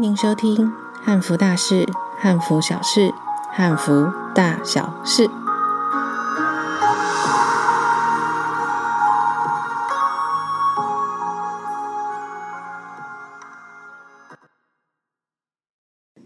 歡迎收聽《漢服大事、漢服小事、漢服大小事》。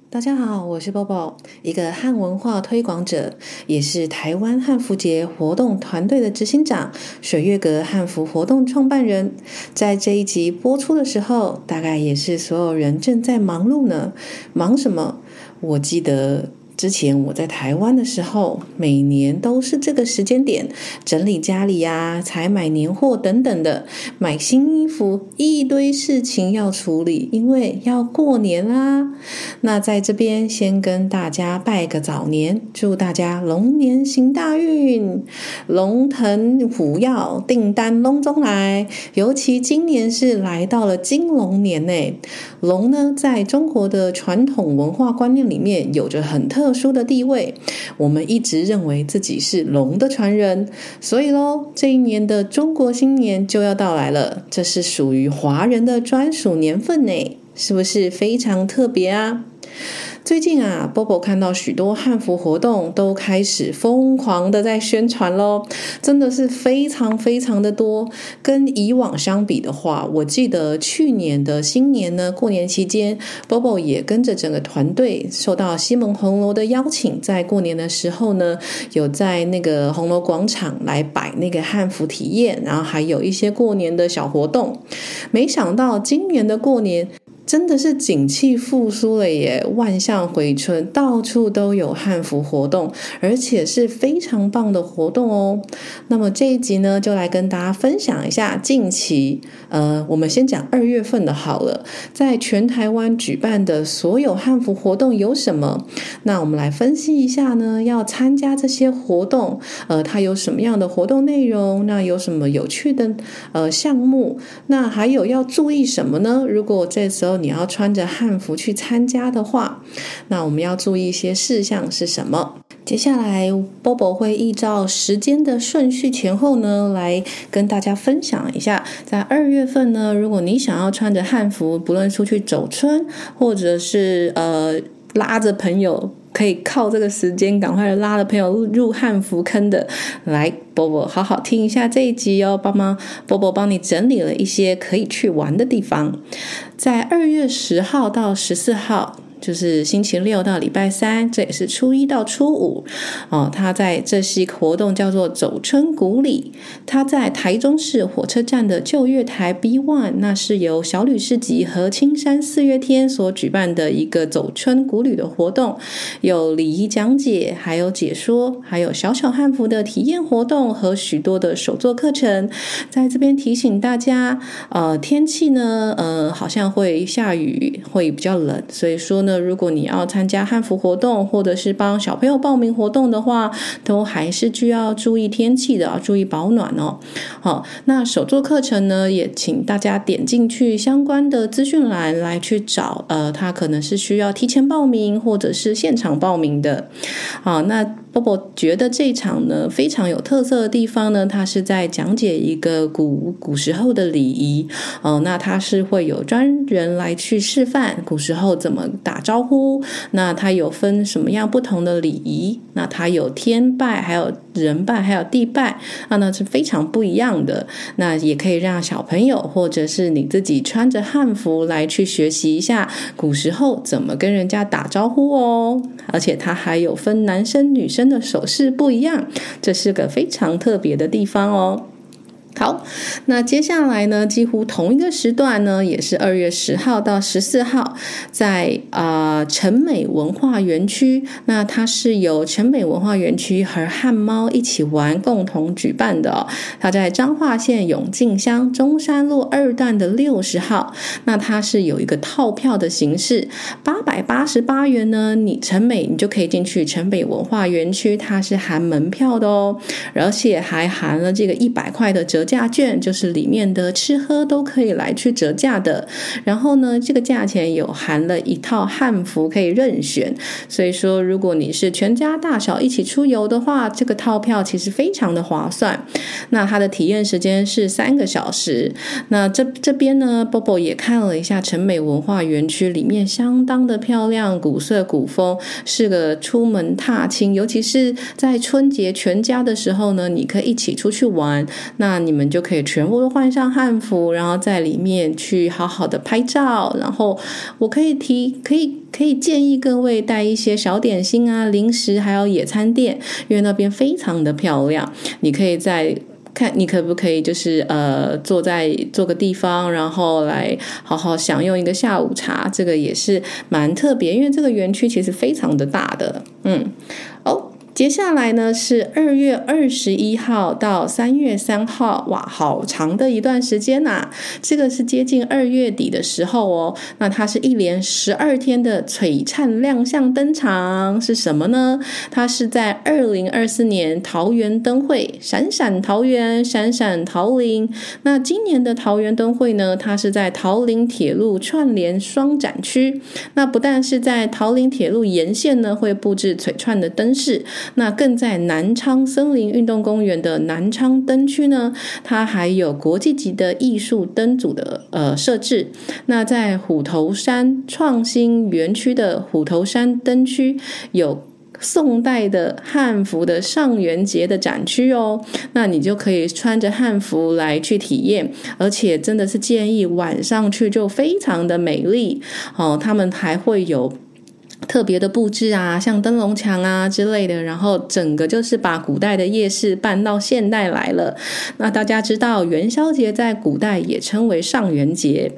大家好，我是 Bobo。一個漢文化推廣者，也是台灣漢服節活動團隊的執行長，水月閣漢服活動創辦人，在這一集播出的時候，大概也是所有人正在忙碌呢。忙什麼？我記得。之前我在台灣的時候，每年都是這個時間點，整理家裡呀、啊、採買年貨等等的，買新衣服，一堆事情要處理，因為要過年啦、啊。那在這邊先跟大家拜個早年，祝大家龍年行大運，龍騰虎躍，訂單隆中來。尤其今年是來到了金龍年誒，龍呢，在中國的傳統文化觀念裡面，有着很特。特殊的地位，我們一直認為自己是龍的傳人，所以嘍，這一年的中國新年就要到來了，這是屬於華人的專屬年份呢，是不是非常特別啊？最近啊，Bobo 看到許多漢服活動都開始瘋狂的在宣傳咯，真的是非常非常的多。跟以往相比的話，我記得去年的新年呢，過年期間，Bobo 也跟着整個團隊受到西門紅樓的邀請，在過年的時候呢，有在那個紅樓廣場來擺那個漢服體驗，然後還有一些過年的小活動。沒想到今年的過年。真的是景氣復甦了耶，萬象回春，到處都有漢服活動，而且是非常棒的活動哦。那麼這一集呢，就來跟大家分享一下近期，呃，我們先講二月份的好了，在全台灣舉辦的所有漢服活動有什麼？那我們來分析一下呢？要參加這些活動，呃，它有什麼樣的活動內容？那有什麼有趣的呃項目？那還有要注意什麼呢？如果這時候你要穿着漢服去參加的話，那我們要注意一些事項是什麼？接下來 Bobo 會依照時間的順序前後呢，來跟大家分享一下。在二月份呢，如果你想要穿着漢服，不論出去走春，或者是呃拉着朋友。可以靠這個時間趕快拉著朋友入漢服坑的，來 Bobo 好好聽一下這一集哦，幫忙 Bobo 幫你整理了一些可以去玩的地方，在二月十號到十四號。就是星期六到禮拜三，這也是初一到初五，哦，他在這期活動叫做走春古旅，他在台中市火車站的舊月台 B one，那是由小旅市集和青山四月天所舉辦的一個走春古旅的活動，有禮儀講解，還有解說，還有小小漢服的體驗活動和許多的手作課程，在這邊提醒大家，呃，天氣呢，呃，好像會下雨，會比較冷，所以說呢。如果你要參加漢服活動，或者是幫小朋友報名活動的話，都還是需要注意天氣的，要注意保暖哦。好、哦，那手作課程呢，也請大家點進去相關的資訊欄來去找。呃，他可能是需要提前報名，或者是現場報名的。好、哦，那。波波覺得這一場呢，非常有特色的地方呢，它是在講解一個古古時候的禮儀。嗯、哦，那它是會有專人來去示範古時候怎麼打招呼，那它有分什麼樣不同的禮儀，那它有天拜還有。人拜還有地拜啊，那是非常不一樣的。那也可以讓小朋友或者是你自己穿着漢服來去學習一下古時候怎麼跟人家打招呼哦。而且它還有分男生女生的手勢不一樣，這是個非常特別的地方哦。好，那接下來呢，幾乎同一個時段呢，也是二月十號到十四號，在啊呃、成美文化園區。那它是由成美文化園區和漢貓一起玩共同舉辦的哦。它在彰化縣永靖鄉中山路二段的六十號。那它是有一個套票的形式，八百八十八元呢。你成美，你就可以進去成美文化園區，它是含門票的哦，而且還含了這個一百塊的折。價券就是裡面的吃喝都可以來去折價的，然後呢，這個價錢有含了一套漢服可以任選，所以說如果你是全家大小一起出遊的話，這個套票其實非常的划算。那它的體驗時間是三個小時。那這這邊呢，Bobo 也看了一下成美文化園區裡面相當的漂亮，古色古風，是個出門踏青，尤其是在春節全家的時候呢，你可以一起出去玩。那你。你們就可以全部都換上漢服，然後在裡面去好好的拍照。然後我可以提，可以可以建議各位帶一些小點心啊、零食，還有野餐墊，因為那邊非常的漂亮。你可以再看，你可不可以就是呃，坐在坐個地方，然後來好好享用一個下午茶？這個也是蠻特別，因為這個園區其實非常的大的。嗯，哦。接下來呢，是二月二十一號到三月三號，哇，好長的一段時間吶啊！這個是接近二月底的時候哦。那它是一連十二天的璀璨亮相登場，是什麼呢？它是在二零二四年桃園燈會，閃閃桃園，閃閃桃林。那今年的桃園燈會呢，它是在桃林鐵路串聯雙展區。那不但是在桃林鐵路沿線呢，會布置璀璨的燈飾。那更在南昌森林運動公園的南昌燈區呢，它還有國際級的藝術燈組的呃設置。那在虎頭山創新園區的虎頭山燈區，有宋代的漢服的上元節的展區哦。那你就可以穿着漢服來去體驗，而且真的是建議晚上去，就非常的美麗哦。他們還會有。特別的布置啊，像燈籠牆啊之類的，然後整個就是把古代的夜市搬到現代來了。那大家知道元宵節在古代也稱為上元節，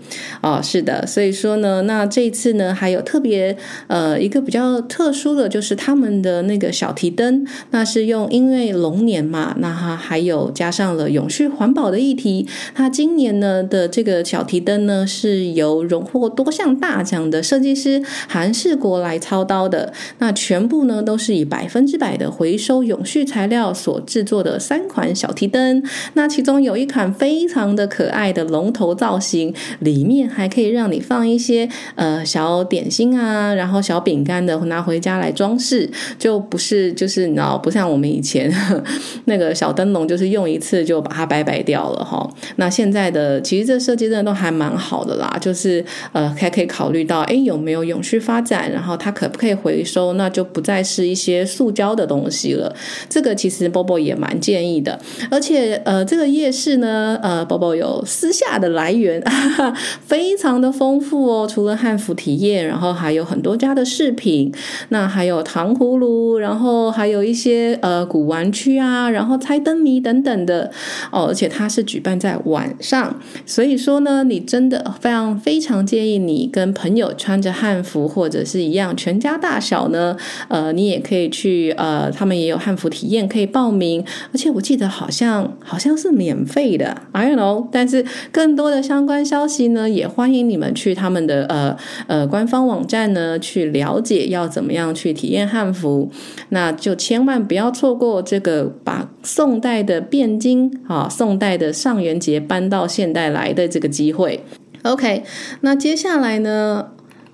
哦，是的，所以說呢，那這一次呢，還有特別呃一個比較特殊的，就是他們的那個小提燈，那是用因為龍年嘛，那哈，還有加上了永續環保的議題。那今年呢的這個小提燈呢，是由榮獲多項大獎的設計師韓世國來。操刀的，那全部呢都是以百分之百的回收永續材料所制作的三款小提燈，那其中有一款非常的可愛的龍頭造型，裡面還可以讓你放一些呃小點心啊，然後小餅乾的拿回家來裝飾，就不是就是你知道不像我們以前呵呵那個小燈籠就是用一次就把它掰掰掉了哈。那現在的其實這設計真的都還蠻好的啦，就是呃還可以考慮到哎有沒有永續發展，然後。它可不可以回收？那就不再是一些塑膠的東西了。這個其實 Bobo 也蠻建議的。而且呃，這個夜市呢，呃，Bobo 有私下的來源哈哈，非常的豐富哦。除了漢服體驗，然後還有很多家的飾品，那還有糖葫蘆，然後還有一些呃古玩區啊，然後猜燈謎等等的哦。而且它是舉辦在晚上，所以說呢，你真的非常非常建議你跟朋友穿着漢服或者是一樣。全家大小呢？呃，你也可以去呃，他們也有漢服體驗，可以報名，而且我記得好像好像是免費的，I don't know。但是更多的相關消息呢，也歡迎你們去他們的呃呃官方網站呢去了解要怎麼樣去體驗漢服。那就千萬不要錯過這個把宋代的汴京啊，宋代的上元節搬到現代來的這個機會。OK，那接下來呢？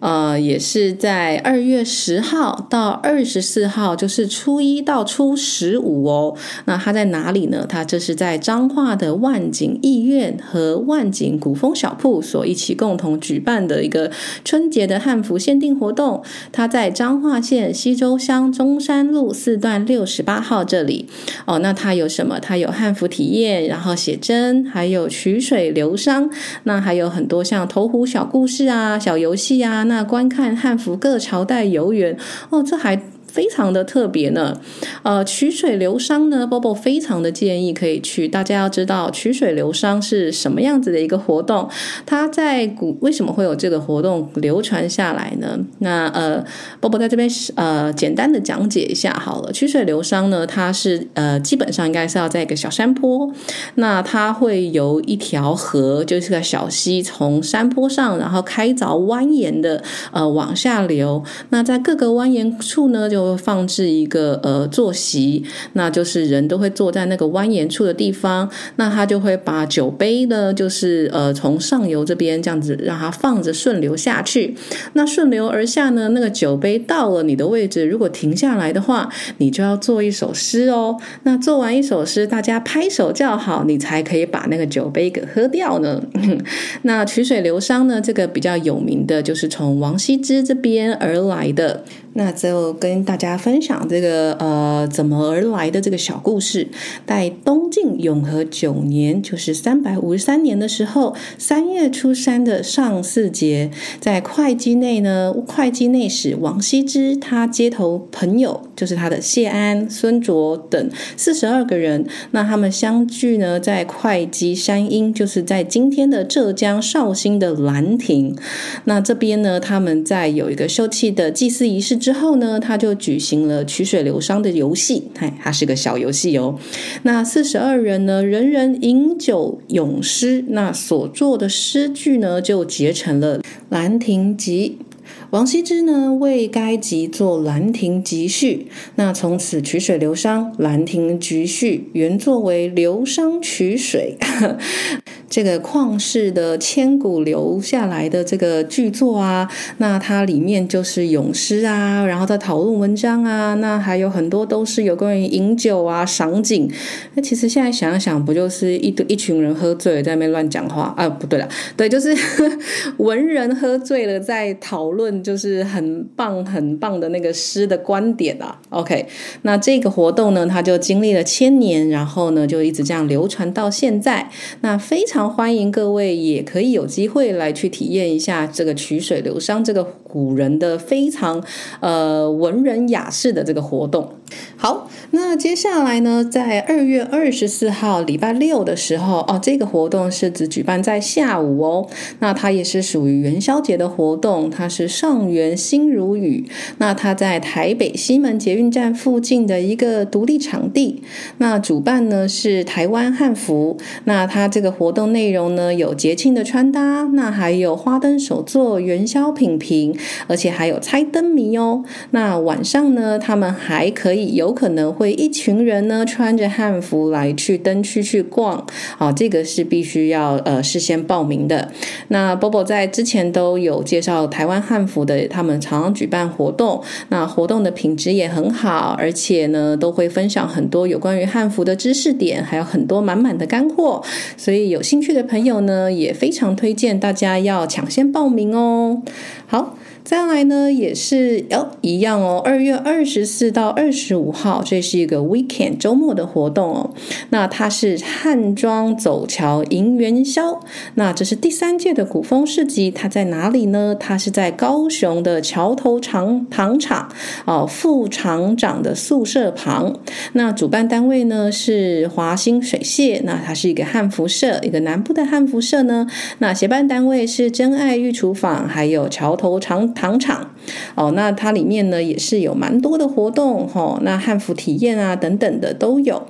呃，也是在二月十號到二十四號，就是初一到初十五哦。那它在哪裡呢？它這是在彰化的萬景藝苑和萬景古風小鋪所一起共同舉辦的一個春節的漢服限定活動。它在彰化縣溪州鄉中山路四段六十八號這裡哦。那它有什麼？它有漢服體驗，然後寫真，還有曲水流觴，那還有很多像投壺小故事啊、小遊戲啊。那觀看漢服各朝代遊園哦，這還非常的特別呢，呃，曲水流觴呢，Bobo 非常的建議可以去。大家要知道曲水流觴是什麼樣子的一個活動，它在古，為什麼會有這個活動流傳下來呢？那呃 Bobo 在這邊呃簡單的講解一下好了。曲水流觴呢，它是呃基本上應該是要在一個小山坡，那它會由一條河，就是個小溪，從山坡上然後開鑿蜿蜒的呃往下流。那在各個蜿蜒處呢，就會放置一個呃坐席，那就是人都會坐在那個蜿蜒處的地方。那他就會把酒杯呢，就是呃從上游這邊這樣子讓它放着順流下去。那順流而下呢，那個酒杯到了你的位置，如果停下來的話，你就要做一首詩哦。那做完一首詩，大家拍手叫好，你才可以把那個酒杯給喝掉呢。 那曲水流觴呢，這個比較有名的就是從王羲之這邊而來的。那就跟大家分享這個呃怎麼而來的這個小故事，在東晉永和九年，就是三百五十三年的時候，三月初三的上巳節，在會稽內呢，會稽內史王羲之他街頭朋友，就是他的謝安、孫卓等四十二個人，那他們相聚呢，在會稽山陰，就是在今天的浙江紹興的蘭亭，那這邊呢，他們在有一個休憩的祭祀儀式。之後呢，他就舉行了曲水流觴的遊戲，嘿，它是個小遊戲哦。那四十二人呢，人人飲酒詠詩，那所作的詩句呢，就結成了《蘭亭集》。王羲之呢，為該集作《蘭亭集序》。那從此曲水流觴，《蘭亭集序》原作為流觴曲水。 這個曠世的千古留下來的這個巨作啊，那它裡面就是詠詩啊，然後在討論文章啊，那還有很多都是有關於飲酒啊、賞景。那其實現在想一想，不就是一堆一群人喝醉了在那邊亂講話啊？不對了，對，就是 文人喝醉了在討論，就是很棒很棒的那個詩的觀點啊。OK，那這個活動呢，它就經歷了千年，然後呢就一直這樣流傳到現在，那非常。歡迎各位，也可以有機會來去體驗一下這個曲水流觴這個古人的非常呃文人雅士的這個活動。好，那接下來呢，在二月二十四號禮拜六的時候哦，這個活動是只舉辦在下午哦。那它也是屬於元宵節的活動，它是上元星如雨。那它在台北西門捷運站附近的一個獨立場地。那主辦呢是台灣漢服。那它這個活動。內容呢有節慶的穿搭，那還有花燈手作、元宵品評，而且還有猜燈謎哦。那晚上呢，他們還可以有可能會一群人呢穿着漢服來去燈區去逛啊、哦。這個是必須要呃事先報名的。那 Bobo 在之前都有介紹台灣漢服的，他們常常舉辦活動，那活動的品質也很好，而且呢都會分享很多有關於漢服的知識點，還有很多滿滿的乾貨。所以有興去的朋友呢，也非常推薦大家要搶先報名哦。好。再來呢，也是哦，一樣哦。二月二十四到二十五號，這是一個 weekend 週末的活動哦。那它是漢裝走橋迎元宵，那這是第三屆的古風市集，它在哪裡呢？它是在高雄的橋頭廠糖廠哦，副廠長的宿舍旁。那主辦單位呢是樺心水榭，那它是一個漢服社，一個南部的漢服社呢。那協辦單位是甄愛御廚坊，還有橋頭廠。糖廠，哦，那它裡面呢也是有蠻多的活動，哦，那漢服體驗啊等等的都有。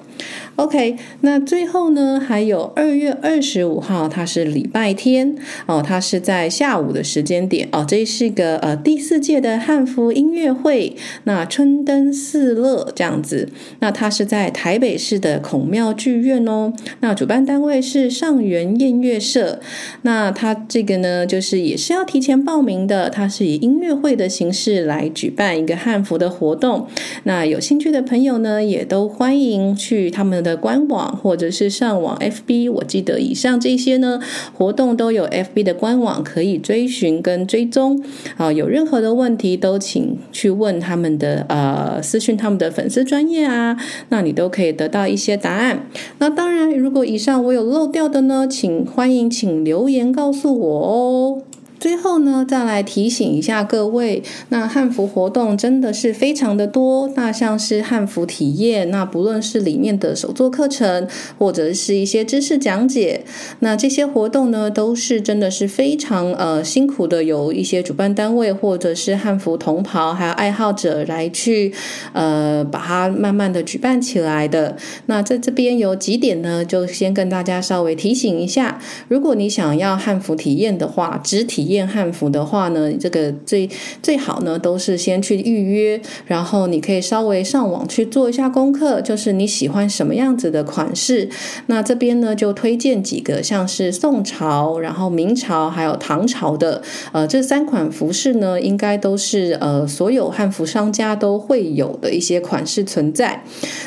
OK，那最後呢，還有二月二十五號，它是禮拜天哦，它是在下午的時間點哦，這是個呃第四屆的漢服音樂會，那春燈肆楽這樣子，那它是在台北市的孔廟劇院哦，那主辦單位是上元燕楽舍，那它這個呢，就是也是要提前報名的，它是以音樂會的形式來舉辦一個漢服的活動，那有興趣的朋友呢，也都歡迎去他們的官網或者是上網 FB，我記得以上這些呢活動都有 FB 的官網可以追尋跟追蹤啊、呃，有任何的問題都請去問他們的呃私訊他們的粉絲專頁啊，那你都可以得到一些答案。那當然，如果以上我有漏掉的呢，請歡迎請留言告訴我哦。最後呢，再來提醒一下各位，那漢服活動真的是非常的多。那像是漢服體驗，那不論是裡面的手作課程，或者是一些知識講解，那這些活動呢，都是真的是非常呃辛苦的，有一些主辦單位，或者是漢服同袍，還有愛好者來去呃把它慢慢的舉辦起來的。那在這邊有幾點呢，就先跟大家稍微提醒一下。如果你想要漢服體驗的話，只體驗驗漢服的話呢，這個最最好呢，都是先去預約，然後你可以稍微上網去做一下功課，就是你喜歡什麼樣子的款式。那這邊呢，就推薦幾個，像是宋朝，然後明朝還有唐朝的，呃，這三款服飾呢，應該都是呃所有漢服商家都會有的一些款式存在。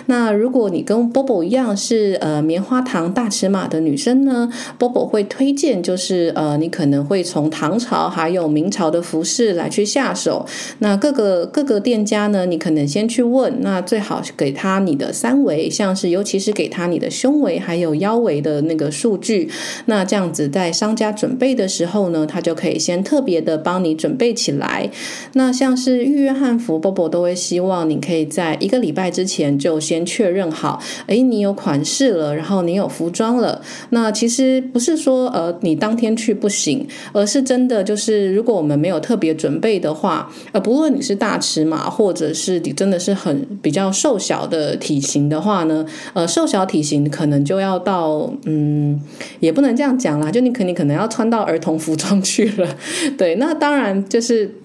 那如果你跟 Bobo 一樣是呃棉花糖大尺碼的女生呢，Bobo 會推薦就是呃你可能會從唐唐朝還有明朝的服飾來去下手，那各個各個店家呢，你可能先去問，那最好是給他你的三圍，像是尤其是給他你的胸圍還有腰圍的那個數據。那這樣子在商家準備的時候呢，他就可以先特別的幫你準備起來。那像是預約漢服，波波都會希望你可以在一個禮拜之前就先確認好，哎，你有款式了，然後你有服裝了。那其實不是說呃你當天去不行，而是真。的就是，如果我們沒有特別準備的話，呃，不論你是大尺碼，或者是你真的是很比較瘦小的體型的話呢，呃，瘦小體型可能就要到，嗯，也不能這樣講啦，就你可你可能要穿到兒童服裝去了，對，那當然就是。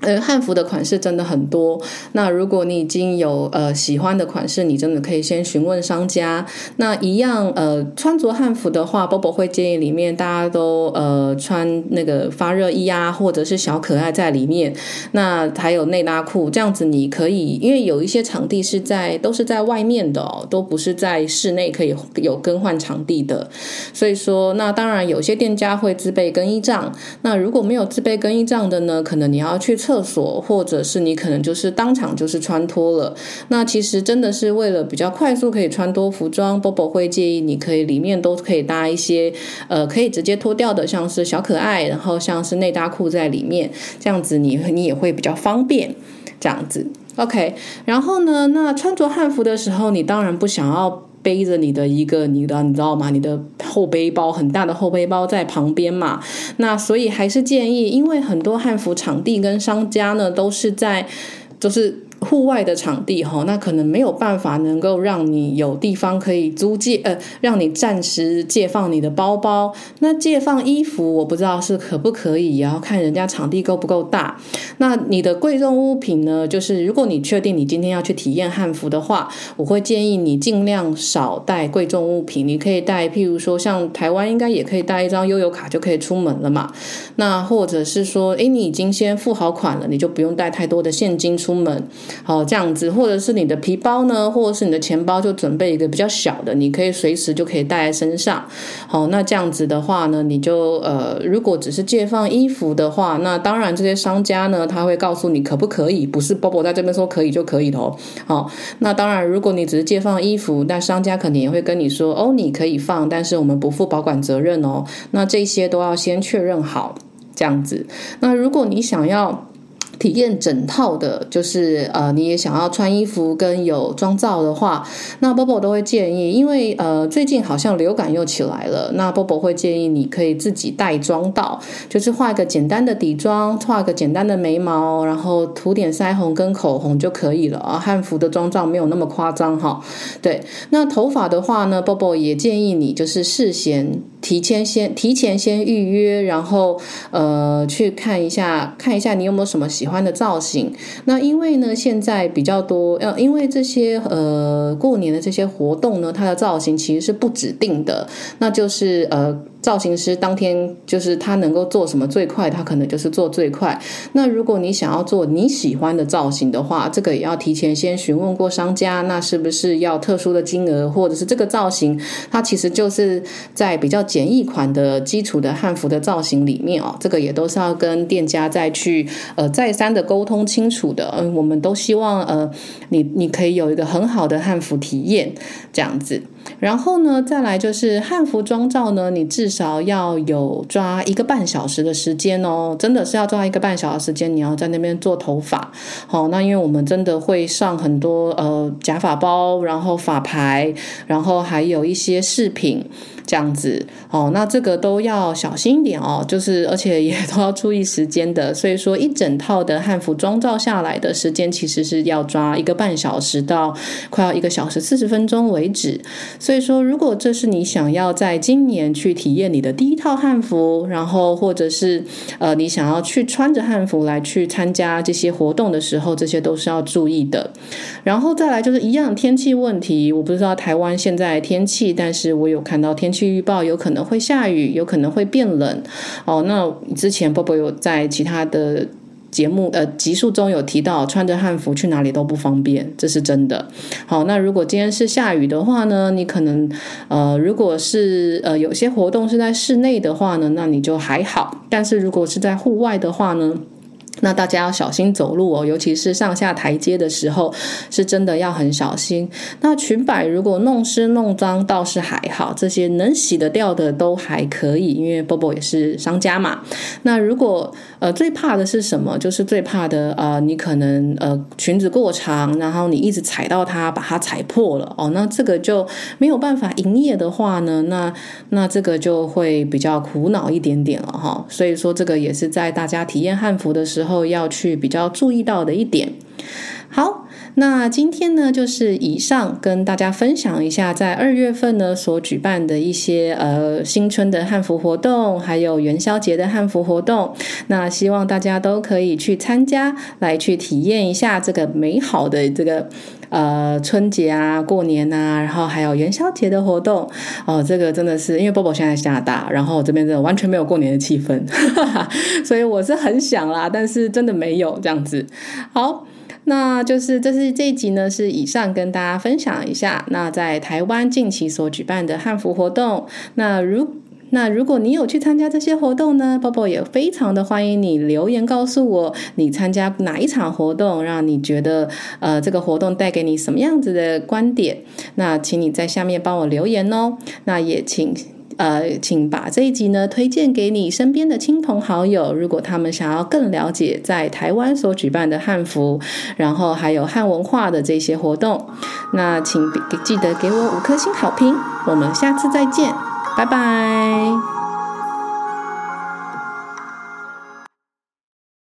呃，漢服的款式真的很多。那如果你已經有呃喜歡的款式，你真的可以先詢問商家。那一樣呃，穿着漢服的話，Bobo 會建議裡面大家都呃穿那個發熱衣啊，或者是小可愛在裡面。那還有內拉褲，這樣子你可以，因為有一些場地是在都是在外面的哦，都不是在室內可以有更換場地的。所以說，那當然有些店家會自備更衣帳。那如果沒有自備更衣帳的呢，可能你要去。廁所，或者是你可能就是當場就是穿脫了。那其實真的是為了比較快速可以穿脫服裝，Bobo 會建議你可以裡面都可以搭一些，呃，可以直接脫掉的，像是小可愛，然後像是內搭褲在裡面，這樣子你你也會比較方便，這樣子 OK。然後呢，那穿着漢服的時候，你當然不想要。背着你的一個你的，你知道嗎？你的後背包，很大的後背包在旁邊嘛。那所以還是建議，因為很多漢服場地跟商家呢都是在，就是戶外的場地哈，那可能沒有辦法能夠讓你有地方可以租借，呃，讓你暫時借放你的包包。那借放衣服，我不知道是可不可以，也要看人家場地夠不夠大。那你的貴重物品呢？就是如果你確定你今天要去體驗漢服的話，我會建議你盡量少帶貴重物品。你可以帶，譬如說像台灣應該也可以帶一張悠遊卡就可以出門了嘛。那或者是說，誒，你已經先付好款了，你就不用帶太多的現金出門。好，這樣子，或者是你的皮包呢，或者是你的錢包，就準備一個比較小的，你可以隨時就可以帶在身上。好，那這樣子的話呢，你就呃，如果只是借放衣服的話，那當然這些商家呢，他會告訴你可不可以，不是 Bobo BO 在這邊說可以就可以的。好，那當然，如果你只是借放衣服，那商家可能也會跟你說，哦，你可以放，但是我們不負保管責任哦。那這些都要先確認好，這樣子。那如果你想要。體驗整套的，就是呃，你也想要穿衣服跟有妝造的話，那 Bobo 都會建議，因為呃，最近好像流感又起來了，那 Bobo 會建議你可以自己帶妝到，就是畫一個簡單的底妝，畫個簡單的眉毛，然後塗點腮紅跟口紅就可以了啊。漢服的妝造沒有那麼誇張哈，對。那頭髮的話呢，Bobo 也建議你就是事先提前先提前先預約，然後呃去看一下看一下你有沒有什麼喜。喜歡的造型，那因為呢，現在比較多，呃，因為這些呃過年的這些活動呢，它的造型其實是不指定的，那就是呃。造型師當天就是他能夠做什麼最快，他可能就是做最快。那如果你想要做你喜歡的造型的話，這個也要提前先詢問過商家，那是不是要特殊的金額，或者是這個造型它其實就是在比較簡易款的基礎的漢服的造型裡面哦，這個也都是要跟店家再去呃再三的溝通清楚的。嗯，我們都希望呃你你可以有一個很好的漢服體驗這樣子。然後呢，再來就是漢服妝造呢，你至少要有抓一個半小時的時間哦，真的是要抓一個半小時時間，你要在那邊做頭髮。好、哦，那因為我們真的會上很多呃假髮包，然後髮牌，然後還有一些飾品。這樣子哦，那這個都要小心一點哦，就是而且也都要注意時間的。所以說，一整套的漢服妝造下來的時間，其實是要抓一個半小時到快要一個小時四十分鐘為止。所以說，如果這是你想要在今年去體驗你的第一套漢服，然後或者是呃你想要去穿着漢服來去參加這些活動的時候，這些都是要注意的。然後再來就是一樣天氣問題，我不知道台灣現在天氣，但是我有看到天。天氣預報有可能會下雨，有可能會變冷。哦，那之前波波有在其他的節目呃集數中有提到，穿着漢服去哪裡都不方便，這是真的。好，那如果今天是下雨的話呢，你可能呃，如果是呃有些活動是在室內的話呢，那你就還好；但是如果是在戶外的話呢，那大家要小心走路哦，尤其是上下台階的時候，是真的要很小心。那裙擺如果弄濕弄髒倒是還好，這些能洗得掉的都還可以，因為 Bobo 也是商家嘛。那如果呃最怕的是什麼？就是最怕的呃，你可能呃裙子過長，然後你一直踩到它，把它踩破了哦。那這個就沒有辦法營業的話呢，那那這個就會比較苦惱一點點了哈、哦。所以說這個也是在大家體驗漢服的時候。然後要去比較注意到的一點，好。那今天呢，就是以上跟大家分享一下，在二月份呢所舉辦的一些呃新春的漢服活動，還有元宵節的漢服活動。那希望大家都可以去參加，來去體驗一下這個美好的這個呃春節啊，過年啊，然後還有元宵節的活動哦、呃。這個真的是因為 Bobo 現在在加拿大，然後這邊的完全沒有過年的氣氛， 所以我是很想啦，但是真的沒有這樣子。好。那就是這是這一集呢，是以上跟大家分享一下。那在台灣近期所舉辦的漢服活動，那如那如果你有去參加這些活動呢，Bobo 也非常的歡迎你留言告訴我，你參加哪一場活動，讓你覺得呃這個活動帶給你什麼樣子的觀點？那請你在下面幫我留言哦。那也請。呃，請把這一集呢，推薦給你身邊的親朋好友。如果他們想要更了解在台灣所舉辦的漢服，然後還有漢文化的這些活動，那請記得給我五顆星好評。我們下次再見，拜拜。